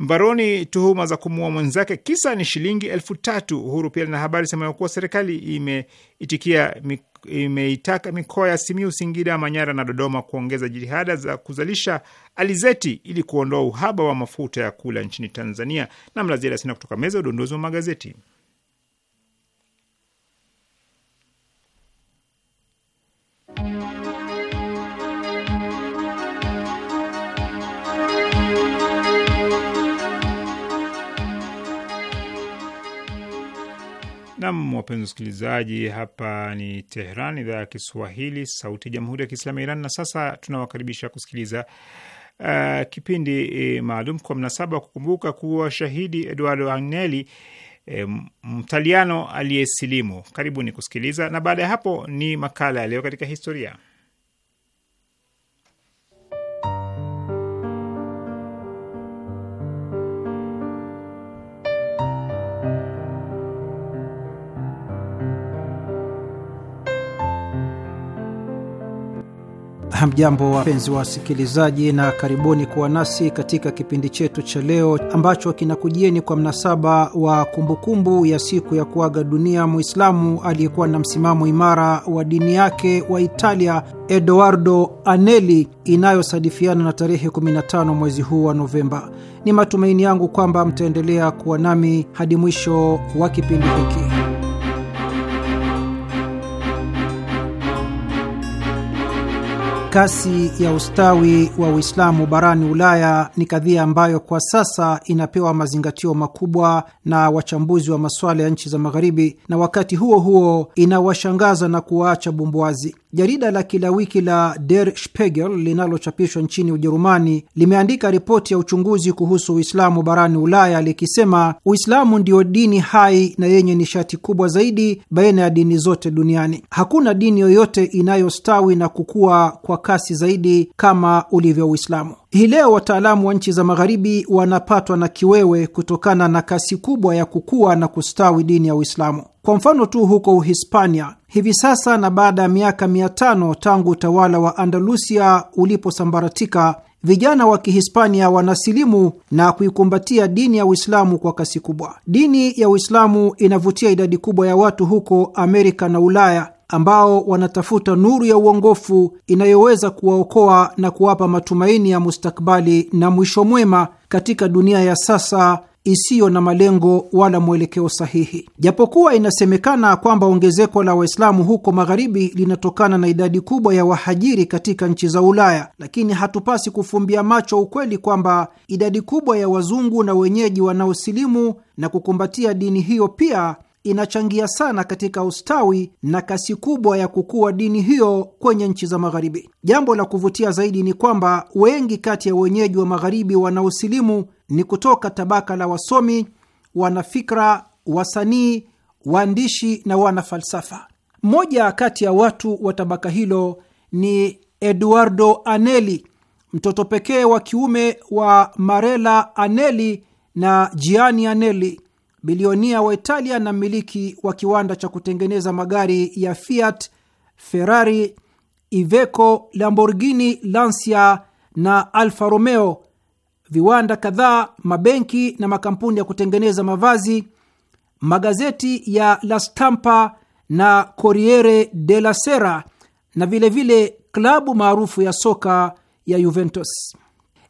mbaroni tuhuma za kumuua mwenzake kisa ni shilingi elfu tatu. Uhuru pia lina habari semayo kuwa serikali imeitikia imeitaka mikoa ya Simiu, Singida, Manyara na Dodoma kuongeza jitihada za kuzalisha alizeti ili kuondoa uhaba wa mafuta ya kula nchini Tanzania. na mlaziada sina kutoka meza ya udondozi wa magazeti. Nam, wapenzi wasikilizaji, hapa ni Tehran, idhaa ya Kiswahili, sauti ya jamhuri ya kiislamu ya Iran. Na sasa tunawakaribisha kusikiliza uh, kipindi e, maalum kwa mnasaba wa kukumbuka kuwa shahidi Eduardo Agnelli, e, Mtaliano aliyesilimu. Karibuni kusikiliza, na baada ya hapo ni makala ya leo katika historia. Hamjambo, wapenzi wa wasikilizaji, na karibuni kuwa nasi katika kipindi chetu cha leo ambacho kinakujieni kwa mnasaba wa kumbukumbu ya siku ya kuaga dunia Muislamu aliyekuwa na msimamo imara wa dini yake wa Italia, Edoardo aneli inayosadifiana na tarehe 15 mwezi huu wa Novemba. Ni matumaini yangu kwamba mtaendelea kuwa nami hadi mwisho wa kipindi hiki. Kasi ya ustawi wa Uislamu barani Ulaya ni kadhia ambayo kwa sasa inapewa mazingatio makubwa na wachambuzi wa masuala ya nchi za Magharibi, na wakati huo huo inawashangaza na kuwaacha bumbuazi. Jarida la kila wiki la Der Spiegel linalochapishwa nchini Ujerumani limeandika ripoti ya uchunguzi kuhusu Uislamu barani Ulaya likisema Uislamu ndio dini hai na yenye nishati kubwa zaidi baina ya dini zote duniani. Hakuna dini yoyote inayostawi na kukua kwa kasi zaidi kama ulivyo Uislamu. Hii leo wataalamu wa nchi za Magharibi wanapatwa na kiwewe kutokana na kasi kubwa ya kukua na kustawi dini ya Uislamu. Kwa mfano tu, huko Uhispania hivi sasa na baada ya miaka mia tano tangu utawala wa Andalusia uliposambaratika, vijana wa Kihispania wanasilimu na kuikumbatia dini ya Uislamu kwa kasi kubwa. Dini ya Uislamu inavutia idadi kubwa ya watu huko Amerika na Ulaya ambao wanatafuta nuru ya uongofu inayoweza kuwaokoa na kuwapa matumaini ya mustakbali na mwisho mwema katika dunia ya sasa isiyo na malengo wala mwelekeo sahihi. Japokuwa inasemekana kwamba ongezeko la Waislamu huko magharibi linatokana na idadi kubwa ya wahajiri katika nchi za Ulaya, lakini hatupasi kufumbia macho ukweli kwamba idadi kubwa ya wazungu na wenyeji wanaosilimu na kukumbatia dini hiyo pia inachangia sana katika ustawi na kasi kubwa ya kukua dini hiyo kwenye nchi za Magharibi. Jambo la kuvutia zaidi ni kwamba wengi kati ya wenyeji wa Magharibi wanaosilimu ni kutoka tabaka la wasomi, wanafikra, wasanii, waandishi na wanafalsafa. Mmoja kati ya watu wa tabaka hilo ni Eduardo Anelli, mtoto pekee wa kiume wa marela Anelli na Gianni Anelli bilionia wa Italia na mmiliki wa kiwanda cha kutengeneza magari ya Fiat, Ferrari, Iveco, Lamborghini, Lancia na Alfa Romeo, viwanda kadhaa, mabenki na makampuni ya kutengeneza mavazi, magazeti ya La Stampa na Corriere della Sera na vilevile klabu maarufu ya soka ya Juventus.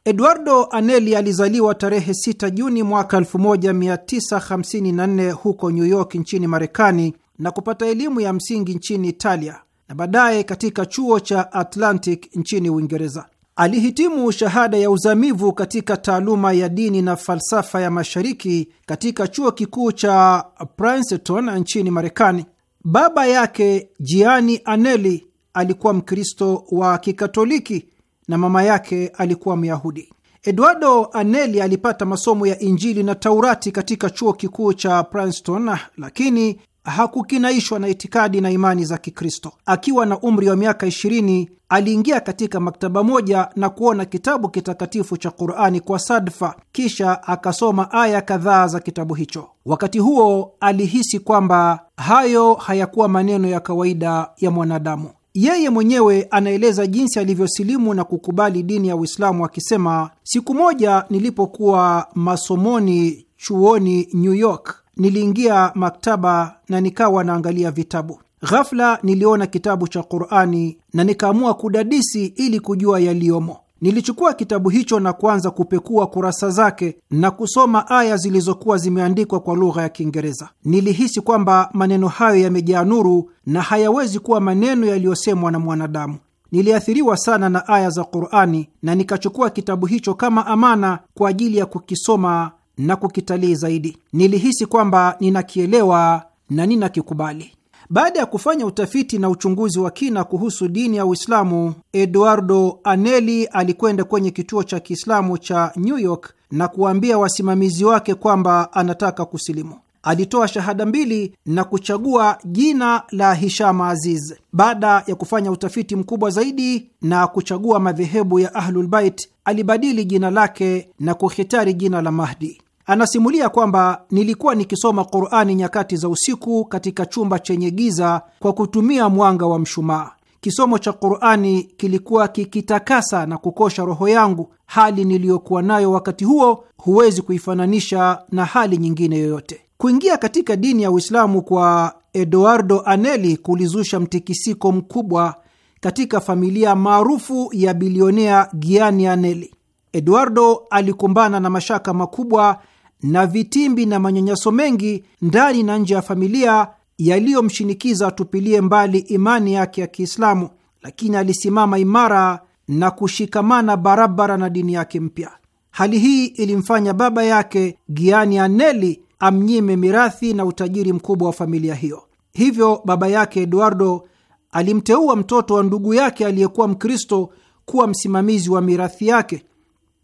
Eduardo Anelli alizaliwa tarehe 6 Juni mwaka 1954 huko New York nchini Marekani na kupata elimu ya msingi nchini Italia na baadaye katika chuo cha Atlantic nchini Uingereza. Alihitimu shahada ya uzamivu katika taaluma ya dini na falsafa ya mashariki katika chuo kikuu cha Princeton nchini Marekani. Baba yake Gianni Anelli alikuwa Mkristo wa Kikatoliki na mama yake alikuwa Myahudi. Eduardo Anelli alipata masomo ya Injili na Taurati katika chuo kikuu cha Princeton, lakini hakukinaishwa na itikadi na imani za Kikristo. Akiwa na umri wa miaka 20 aliingia katika maktaba moja na kuona kitabu kitakatifu cha Qurani kwa sadfa, kisha akasoma aya kadhaa za kitabu hicho. Wakati huo alihisi kwamba hayo hayakuwa maneno ya kawaida ya mwanadamu. Yeye mwenyewe anaeleza jinsi alivyosilimu na kukubali dini ya Uislamu akisema, siku moja nilipokuwa masomoni chuoni New York, niliingia maktaba na nikawa naangalia vitabu. Ghafla niliona kitabu cha Qur'ani na nikaamua kudadisi ili kujua yaliyomo. Nilichukua kitabu hicho na kuanza kupekua kurasa zake na kusoma aya zilizokuwa zimeandikwa kwa lugha ya Kiingereza. Nilihisi kwamba maneno hayo yamejaa nuru na hayawezi kuwa maneno yaliyosemwa na mwanadamu. Niliathiriwa sana na aya za Qur'ani na nikachukua kitabu hicho kama amana kwa ajili ya kukisoma na kukitalii zaidi. Nilihisi kwamba ninakielewa na ninakikubali. Baada ya kufanya utafiti na uchunguzi wa kina kuhusu dini ya Uislamu, Eduardo Anelli alikwenda kwenye kituo cha Kiislamu cha New York na kuwaambia wasimamizi wake kwamba anataka kusilimu. Alitoa shahada mbili na kuchagua jina la Hishama Aziz. Baada ya kufanya utafiti mkubwa zaidi na kuchagua madhehebu ya Ahlulbait, alibadili jina lake na kuhitari jina la Mahdi. Anasimulia kwamba nilikuwa nikisoma Qur'ani nyakati za usiku katika chumba chenye giza kwa kutumia mwanga wa mshumaa. Kisomo cha Qur'ani kilikuwa kikitakasa na kukosha roho yangu. Hali niliyokuwa nayo wakati huo huwezi kuifananisha na hali nyingine yoyote. Kuingia katika dini ya Uislamu kwa Eduardo Anelli kulizusha mtikisiko mkubwa katika familia maarufu ya bilionea Gianni Anelli. Eduardo alikumbana na mashaka makubwa na vitimbi na manyanyaso mengi ndani na nje ya familia yaliyomshinikiza atupilie mbali imani yake ya Kiislamu, lakini alisimama imara na kushikamana barabara na dini yake mpya. Hali hii ilimfanya baba yake giani aneli amnyime mirathi na utajiri mkubwa wa familia hiyo. Hivyo baba yake Eduardo alimteua mtoto wa ndugu yake aliyekuwa Mkristo kuwa msimamizi wa mirathi yake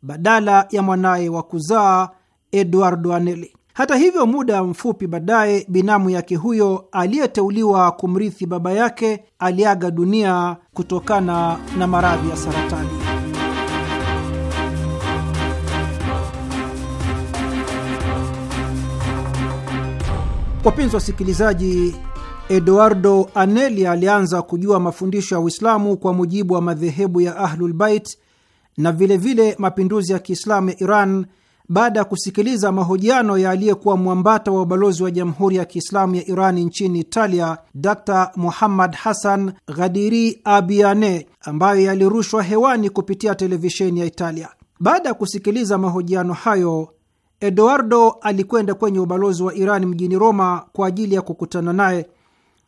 badala ya mwanaye wa kuzaa Eduardo Anelli. Hata hivyo, muda mfupi baadaye binamu yake huyo aliyeteuliwa kumrithi baba yake aliaga dunia kutokana na maradhi ya saratani. Wapenzi wasikilizaji, Eduardo Anelli alianza kujua mafundisho ya Uislamu kwa mujibu wa madhehebu ya Ahlulbait na vilevile vile mapinduzi ya Kiislamu ya Iran baada ya kusikiliza mahojiano ya aliyekuwa mwambata wa ubalozi wa Jamhuri ya Kiislamu ya Irani nchini Italia, Dr Muhammad Hassan Ghadiri Abiane, ambayo yalirushwa hewani kupitia televisheni ya Italia. Baada ya kusikiliza mahojiano hayo, Eduardo alikwenda kwenye ubalozi wa iran mjini Roma kwa ajili ya kukutana naye,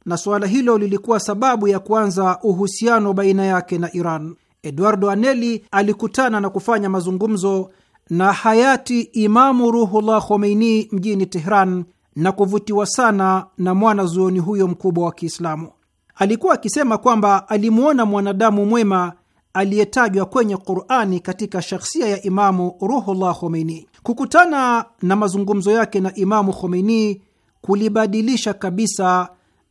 na suala hilo lilikuwa sababu ya kuanza uhusiano baina yake na Iran. Eduardo aneli alikutana na kufanya mazungumzo na hayati Imamu Ruhullah Khomeini mjini Tehran na kuvutiwa sana na mwanazuoni huyo mkubwa wa Kiislamu. Alikuwa akisema kwamba alimwona mwanadamu mwema aliyetajwa kwenye Qurani katika shakhsia ya Imamu Ruhullah Khomeini. Kukutana na mazungumzo yake na Imamu Khomeini kulibadilisha kabisa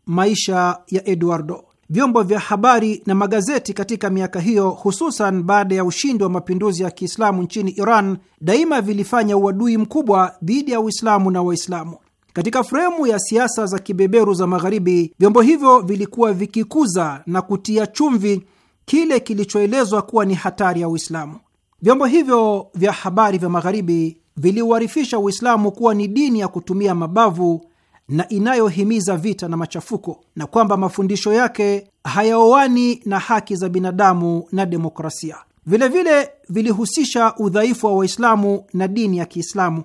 maisha ya Eduardo vyombo vya habari na magazeti katika miaka hiyo, hususan baada ya ushindi wa mapinduzi ya Kiislamu nchini Iran, daima vilifanya uadui mkubwa dhidi ya Uislamu na Waislamu. Katika fremu ya siasa za kibeberu za Magharibi, vyombo hivyo vilikuwa vikikuza na kutia chumvi kile kilichoelezwa kuwa ni hatari ya Uislamu. Vyombo hivyo vya habari vya Magharibi viliuharifisha Uislamu kuwa ni dini ya kutumia mabavu na inayohimiza vita na machafuko na kwamba mafundisho yake hayaoani na haki za binadamu na demokrasia. Vilevile vile vilihusisha udhaifu wa Waislamu na dini ya Kiislamu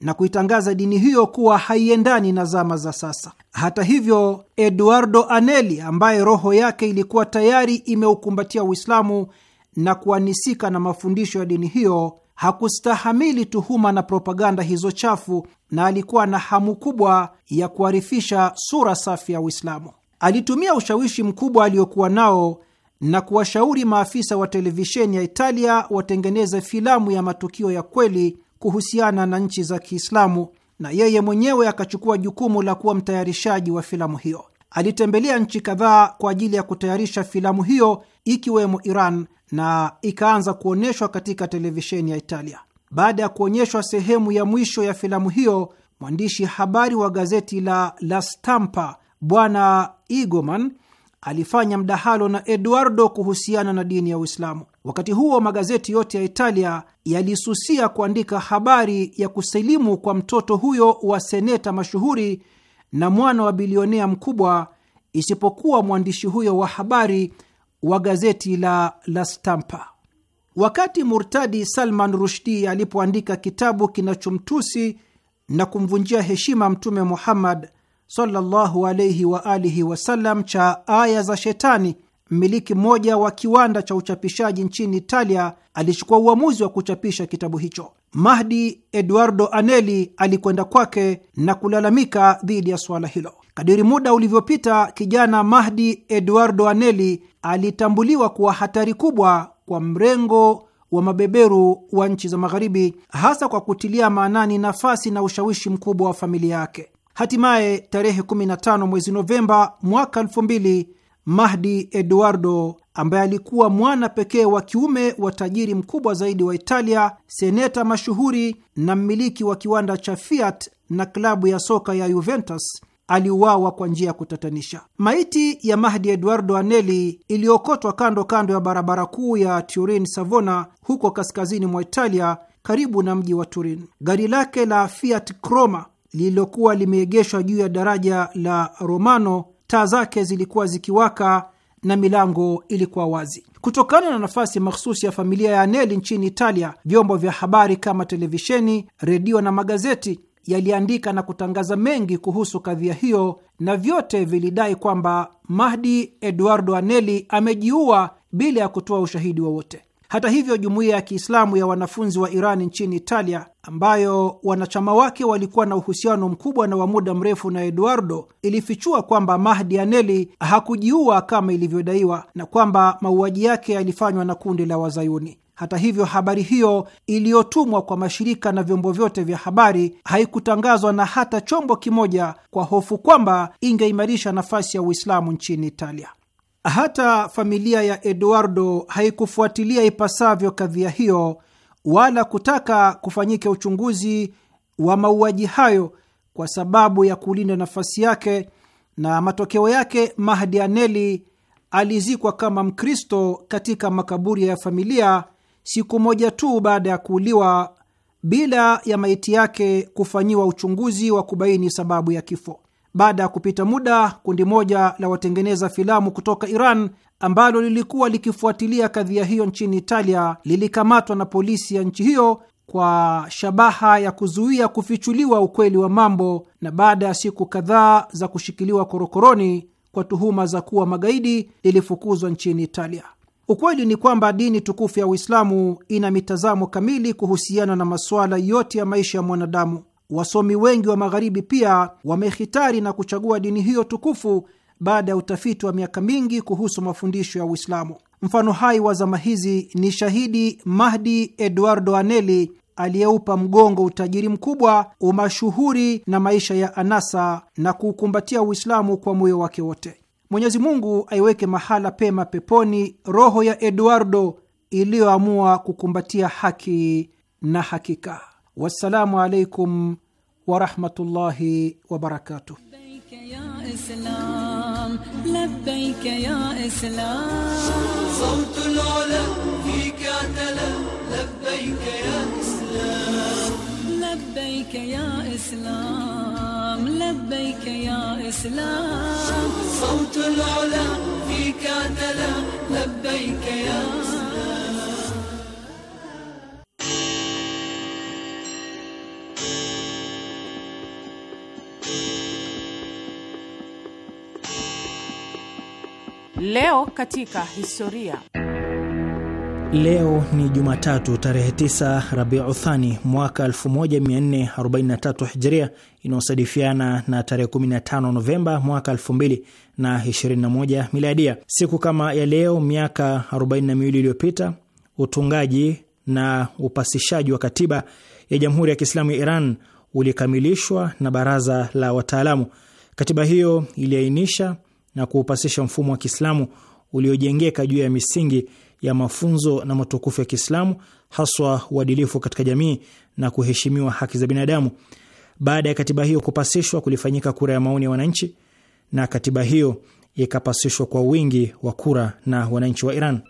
na kuitangaza dini hiyo kuwa haiendani na zama za sasa. Hata hivyo, Eduardo Anelli ambaye roho yake ilikuwa tayari imeukumbatia Uislamu na kuanisika na mafundisho ya dini hiyo hakustahamili tuhuma na propaganda hizo chafu na alikuwa na hamu kubwa ya kuharifisha sura safi ya Uislamu. Alitumia ushawishi mkubwa aliokuwa nao na kuwashauri maafisa wa televisheni ya Italia watengeneze filamu ya matukio ya kweli kuhusiana na nchi za Kiislamu, na yeye mwenyewe akachukua jukumu la kuwa mtayarishaji wa filamu hiyo. Alitembelea nchi kadhaa kwa ajili ya kutayarisha filamu hiyo ikiwemo Iran, na ikaanza kuonyeshwa katika televisheni ya Italia. Baada ya kuonyeshwa sehemu ya mwisho ya filamu hiyo, mwandishi habari wa gazeti la La Stampa Bwana Igoman alifanya mdahalo na Eduardo kuhusiana na dini ya Uislamu. Wakati huo magazeti yote ya Italia yalisusia kuandika habari ya kusilimu kwa mtoto huyo wa seneta mashuhuri na mwana wa bilionea mkubwa, isipokuwa mwandishi huyo wa habari wa gazeti la La Stampa. Wakati murtadi Salman Rushdi alipoandika kitabu kinachomtusi na kumvunjia heshima Mtume Muhammad sallallahu alayhi wa alihi wasallam cha Aya za Shetani, mmiliki mmoja wa kiwanda cha uchapishaji nchini Italia alichukua uamuzi wa kuchapisha kitabu hicho. Mahdi Eduardo Anelli alikwenda kwake na kulalamika dhidi ya suala hilo. Kadiri muda ulivyopita, kijana Mahdi Eduardo Anelli alitambuliwa kuwa hatari kubwa kwa mrengo wa mabeberu wa nchi za Magharibi, hasa kwa kutilia maanani nafasi na ushawishi mkubwa wa familia yake. Hatimaye tarehe 15 mwezi Novemba mwaka 2000 Mahdi Eduardo ambaye alikuwa mwana pekee wa kiume wa tajiri mkubwa zaidi wa Italia, seneta mashuhuri na mmiliki wa kiwanda cha Fiat na klabu ya soka ya Juventus aliuawa kwa njia ya kutatanisha. Maiti ya Mahdi Eduardo aneli iliyokotwa kando kando ya barabara kuu ya Turin Savona, huko kaskazini mwa Italia, karibu na mji wa Turin. Gari lake la Fiat Croma lililokuwa limeegeshwa juu ya daraja la Romano, taa zake zilikuwa zikiwaka na milango ilikuwa wazi. Kutokana na nafasi mahsusi ya familia ya aneli nchini Italia, vyombo vya habari kama televisheni, redio na magazeti yaliandika na kutangaza mengi kuhusu kadhia hiyo, na vyote vilidai kwamba Mahdi Eduardo aneli amejiua bila ya kutoa ushahidi wowote. Hata hivyo, jumuiya ya Kiislamu ya wanafunzi wa Iran nchini Italia, ambayo wanachama wake walikuwa na uhusiano mkubwa na wa muda mrefu na Eduardo, ilifichua kwamba Mahdi Aneli hakujiua kama ilivyodaiwa na kwamba mauaji yake yalifanywa na kundi la Wazayuni. Hata hivyo, habari hiyo iliyotumwa kwa mashirika na vyombo vyote vya habari haikutangazwa na hata chombo kimoja, kwa hofu kwamba ingeimarisha nafasi ya Uislamu nchini Italia. Hata familia ya Eduardo haikufuatilia ipasavyo kadhia hiyo wala kutaka kufanyika uchunguzi wa mauaji hayo kwa sababu ya kulinda nafasi yake, na matokeo yake Mahdi Aneli alizikwa kama Mkristo katika makaburi ya familia siku moja tu baada ya kuuliwa bila ya maiti yake kufanyiwa uchunguzi wa kubaini sababu ya kifo. Baada ya kupita muda, kundi moja la watengeneza filamu kutoka Iran ambalo lilikuwa likifuatilia kadhia hiyo nchini Italia lilikamatwa na polisi ya nchi hiyo kwa shabaha ya kuzuia kufichuliwa ukweli wa mambo, na baada ya siku kadhaa za kushikiliwa korokoroni kwa tuhuma za kuwa magaidi lilifukuzwa nchini Italia. Ukweli ni kwamba dini tukufu ya Uislamu ina mitazamo kamili kuhusiana na masuala yote ya maisha ya mwanadamu. Wasomi wengi wa Magharibi pia wamehitari na kuchagua dini hiyo tukufu baada ya utafiti wa miaka mingi kuhusu mafundisho ya Uislamu. Mfano hai wa zama hizi ni shahidi Mahdi Eduardo Anelli aliyeupa mgongo utajiri mkubwa, umashuhuri na maisha ya anasa na kuukumbatia Uislamu kwa moyo wake wote. Mwenyezi Mungu aiweke mahala pema peponi roho ya Eduardo iliyoamua kukumbatia haki na hakika. Wassalamu alaikum warahmatullahi wabarakatuh. Labbaik ya Islam الإسلام لبيك يا إسلام صوت العلا فيك عدلا لبيك يا إسلام Leo katika هيستوريا Leo ni Jumatatu tarehe 9 Rabiu Thani mwaka 1443 Hijria, inayosadifiana na tarehe 15 Novemba mwaka 2021 Miladia. Siku kama ya leo miaka 42 iliyopita utungaji na upasishaji wa katiba ya Jamhuri ya Kiislamu ya Iran ulikamilishwa na baraza la wataalamu. Katiba hiyo iliainisha na kuupasisha mfumo wa Kiislamu uliojengeka juu ya misingi ya mafunzo na matukufu ya Kiislamu, haswa uadilifu katika jamii na kuheshimiwa haki za binadamu. Baada ya katiba hiyo kupasishwa, kulifanyika kura ya maoni ya wananchi na katiba hiyo ikapasishwa kwa wingi wa kura na wananchi wa Iran.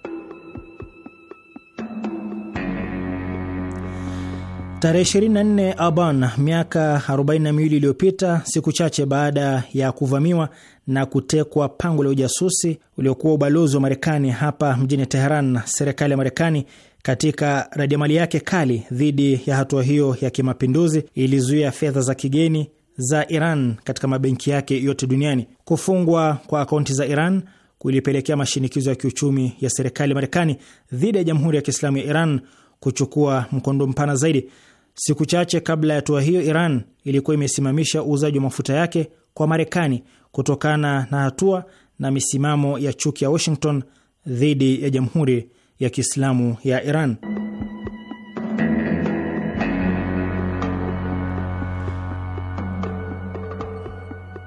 Tarehe 24 Aban miaka 42 iliyopita, siku chache baada ya kuvamiwa na kutekwa pango la ujasusi uliokuwa ubalozi wa Marekani hapa mjini Teheran. Serikali ya Marekani katika radiamali yake kali dhidi ya hatua hiyo ya kimapinduzi ilizuia fedha za kigeni za Iran katika mabenki yake yote duniani. Kufungwa kwa akaunti za Iran kulipelekea mashinikizo ya kiuchumi ya serikali ya Marekani dhidi ya Jamhuri ya Kiislamu ya Iran kuchukua mkondo mpana zaidi. Siku chache kabla ya hatua hiyo, Iran ilikuwa imesimamisha uuzaji wa mafuta yake kwa Marekani kutokana na hatua na misimamo ya chuki ya Washington dhidi ya Jamhuri ya Kiislamu ya Iran.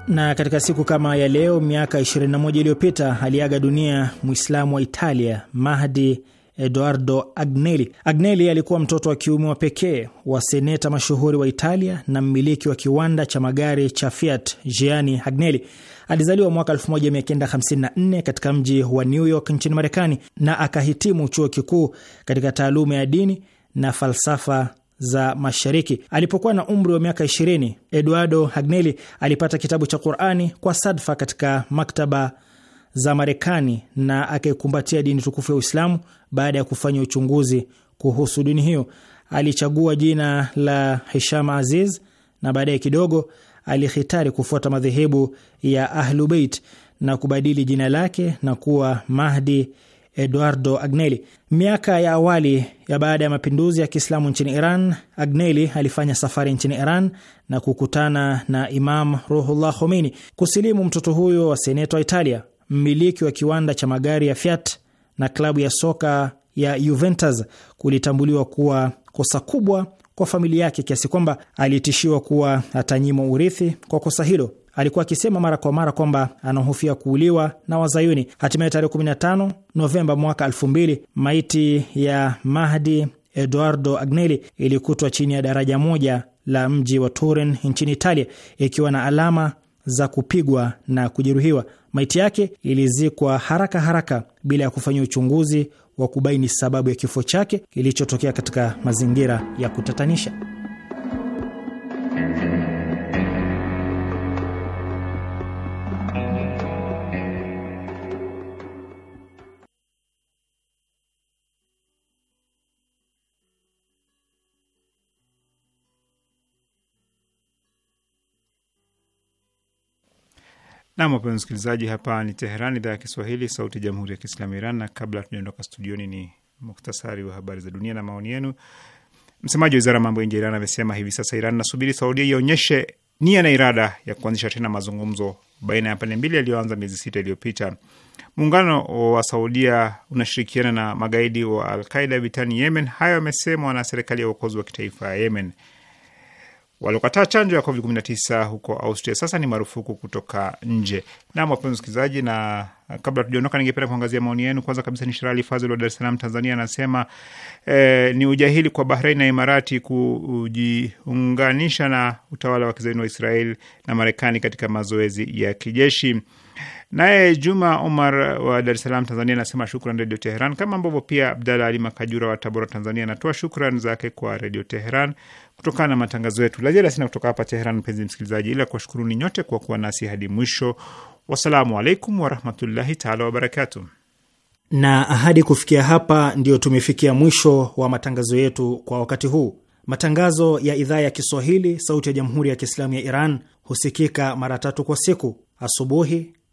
Na katika siku kama ya leo miaka 21 iliyopita aliaga dunia Muislamu wa Italia Mahdi Eduardo Agnelli. Agnelli alikuwa mtoto wa kiume wa pekee wa seneta mashuhuri wa Italia na mmiliki wa kiwanda cha magari cha Fiat, Gianni Agnelli. Alizaliwa mwaka 1954 katika mji wa New York nchini Marekani na akahitimu chuo kikuu katika taaluma ya dini na falsafa za Mashariki. Alipokuwa na umri wa miaka 20, Eduardo Agnelli alipata kitabu cha Qur'ani kwa sadfa katika maktaba za Marekani na akaikumbatia dini tukufu ya Uislamu baada ya kufanya uchunguzi kuhusu dini hiyo. Alichagua jina la Hisham Aziz na baadaye kidogo alihitari kufuata madhehebu ya ahlubeit na kubadili jina lake na kuwa Mahdi Eduardo Agnelli. Miaka ya awali ya baada ya mapinduzi ya Kiislamu nchini Iran, Agnelli alifanya safari nchini Iran na kukutana na Imam Ruhullah Khomeini. Kusilimu mtoto huyo wa seneta wa Italia mmiliki wa kiwanda cha magari ya Fiat na klabu ya soka ya Juventus kulitambuliwa kuwa kosa kubwa kwa familia yake kiasi kwamba alitishiwa kuwa atanyimwa urithi kwa kosa hilo. Alikuwa akisema mara kwa mara kwamba anahofia kuuliwa na Wazayuni. Hatimaye tarehe 15 Novemba mwaka 2000 maiti ya Mahdi Eduardo Agnelli ilikutwa chini ya daraja moja la mji wa Turin nchini Italia, ikiwa na alama za kupigwa na kujeruhiwa. Maiti yake ilizikwa haraka haraka bila ya kufanyia uchunguzi wa kubaini sababu ya kifo chake kilichotokea katika mazingira ya kutatanisha. Nam, wapenzi msikilizaji, hapa ni Teheran, idhaa ya Kiswahili, sauti ya jamhuri ya kiislamu ya Iran. Na kabla tunaondoka studioni, ni muktasari wa habari za dunia na maoni yenu. Msemaji wa wizara ya mambo ya nje ya Iran amesema hivi sasa Iran nasubiri Saudia ionyeshe nia na irada ya kuanzisha tena mazungumzo baina ya pande mbili yaliyoanza miezi sita iliyopita. Muungano wa Saudia unashirikiana na magaidi wa Alqaida vitani Yemen. Hayo amesemwa na serikali ya uokozi wa kitaifa ya Yemen waliokataa chanjo ya COVID-19 huko Austria sasa ni marufuku kutoka nje. Naam, wapenzi wasikilizaji, na kabla tujaondoka, ningependa kuangazia maoni yenu. Kwanza kabisa ni Shirali Fazil wa Dar es Salaam, Tanzania, anasema eh, ni ujahili kwa Bahrain na Imarati kujiunganisha na utawala wa kizaini wa Israel na Marekani katika mazoezi ya kijeshi. Naye Juma Omar wa Dar es Salaam, Tanzania, anasema shukran Redio Teheran, kama ambavyo pia Abdalla Ali Makajura wa Tabora, Tanzania, anatoa shukran zake kwa Redio Teheran kutokana na matangazo yetu. La ziada sina kutoka hapa Teheran, mpenzi msikilizaji, ila kuwashukuruni nyote kwa kuwa nasi hadi mwisho. Wassalamu alaikum warahmatullahi taala wabarakatu. Na hadi kufikia hapa, ndio tumefikia mwisho wa matangazo yetu kwa wakati huu. Matangazo ya idhaa ya Kiswahili, Sauti ya Jamhuri ya Kiislamu ya Iran husikika mara tatu kwa siku: asubuhi